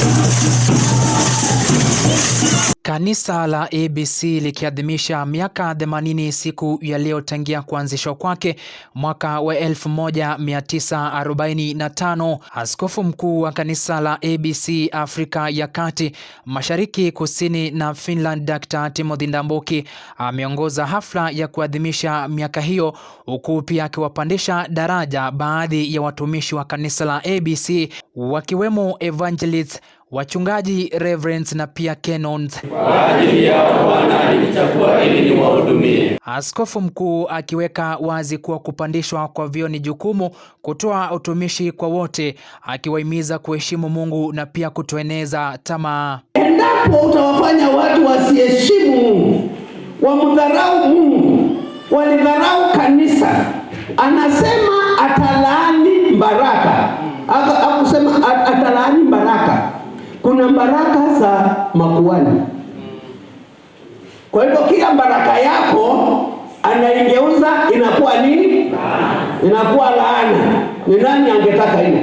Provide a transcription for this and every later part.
Thank you. Kanisa la ABC likiadhimisha miaka 80 siku ya leo tangia kuanzishwa kwake mwaka wa 1945. Askofu mkuu wa kanisa la ABC Afrika ya Kati, Mashariki, Kusini na Finland, Dr. Timothy Ndambuki ameongoza hafla ya kuadhimisha miaka hiyo, huku pia akiwapandisha daraja baadhi ya watumishi wa kanisa la ABC wakiwemo Evangelist Wachungaji Reverence na pia Kenons. kwa ajili yao Bwana alinichagua ili niwahudumie. Askofu mkuu akiweka wazi kuwa kupandishwa kwa vyeo ni jukumu kutoa utumishi kwa wote, akiwahimiza kuheshimu Mungu na pia kutoeneza tamaa. Endapo utawafanya watu wasiheshimu Mungu, wamdharau Mungu, walidharau kanisa, anasema atalaani baraka, akusema atalaani baraka kuna baraka za makuani. Kwa hivyo kila baraka yako anaigeuza inakuwa nini? Inakuwa laana. Ni nani angetaka hiyo?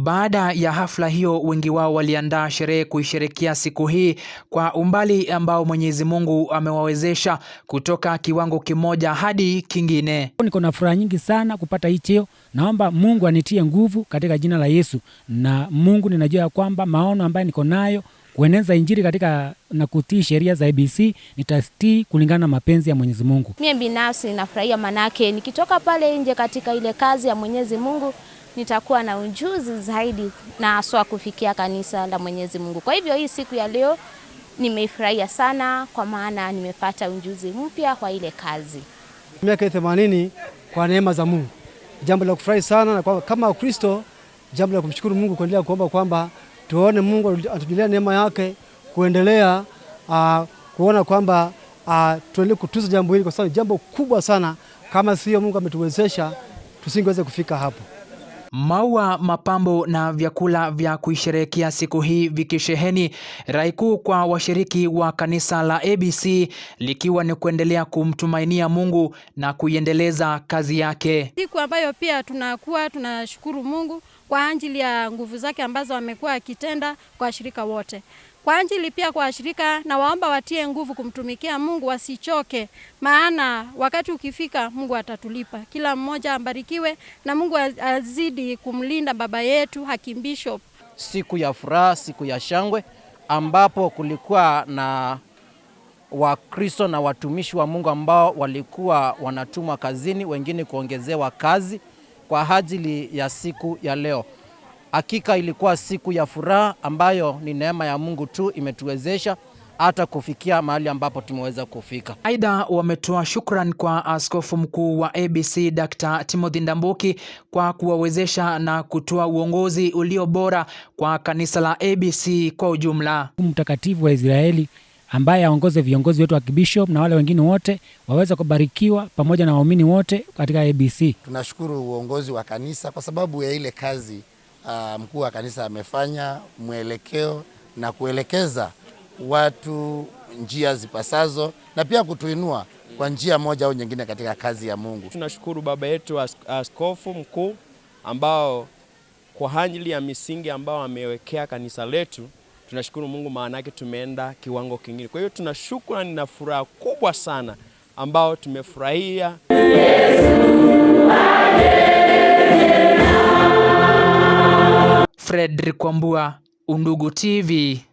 Baada ya hafla hiyo, wengi wao waliandaa sherehe kuisherekea siku hii kwa umbali ambao Mwenyezi Mungu amewawezesha kutoka kiwango kimoja hadi kingine. Niko na furaha nyingi sana kupata hii cheo. Naomba Mungu anitie nguvu katika jina la Yesu, na Mungu ninajua ya kwamba maono ambayo niko nayo kueneza injili katika na kutii sheria za ABC nitatii kulingana na mapenzi ya Mwenyezi Mungu. Mimi binafsi ninafurahia, manake nikitoka pale nje katika ile kazi ya Mwenyezi Mungu nitakuwa na ujuzi zaidi na haswa kufikia kanisa la Mwenyezi Mungu. Kwa hivyo hii siku ya leo nimefurahia sana, kwa maana nimepata ujuzi mpya kwa ile kazi. Miaka themanini kwa neema za Mungu, jambo la kufurahi sana, na kwa kama Kristo, jambo la kumshukuru Mungu, kuendelea kuomba kwamba tuone Mungu atujalie neema yake kuendelea uh, kuona kwamba uh, tuendelee kutuza jambo hili, kwa sababu jambo kubwa sana. Kama sio Mungu ametuwezesha tusingeweza kufika hapo. Maua, mapambo na vyakula vya kuisherehekea siku hii vikisheheni, rai kuu kwa washiriki wa kanisa la ABC likiwa ni kuendelea kumtumainia Mungu na kuiendeleza kazi yake. Siku ambayo pia tunakuwa tunashukuru Mungu kwa ajili ya nguvu zake ambazo amekuwa akitenda kwa washirika wote. Kwa ajili pia kwa washirika, na waomba watie nguvu kumtumikia Mungu, wasichoke, maana wakati ukifika Mungu atatulipa. Kila mmoja ambarikiwe na Mungu azidi kumlinda baba yetu Hakim Bishop. Siku ya furaha, siku ya shangwe ambapo kulikuwa na Wakristo na watumishi wa Mungu ambao walikuwa wanatumwa kazini, wengine kuongezewa kazi kwa ajili ya siku ya leo. Hakika ilikuwa siku ya furaha ambayo ni neema ya Mungu tu imetuwezesha hata kufikia mahali ambapo tumeweza kufika. Aidha, wametoa shukrani kwa Askofu Mkuu wa ABC Dr. Timothy Ndambuki kwa kuwawezesha na kutoa uongozi ulio bora kwa kanisa la ABC kwa ujumla. Mtakatifu wa Israeli ambaye aongoze viongozi wetu wa kibishop na wale wengine wote waweze kubarikiwa pamoja na waumini wote katika ABC. Tunashukuru uongozi wa kanisa kwa sababu ya ile kazi uh, mkuu wa kanisa amefanya mwelekeo na kuelekeza watu njia zipasazo na pia kutuinua kwa njia moja au nyingine katika kazi ya Mungu. Tunashukuru baba yetu askofu mkuu ambao kwa ajili ya misingi ambao amewekea kanisa letu tunashukuru Mungu, maana yake tumeenda kiwango kingine. Kwa hiyo tuna shukrani na furaha kubwa sana ambao tumefurahia Yesu. Fredrick Kwambua, Undugu TV.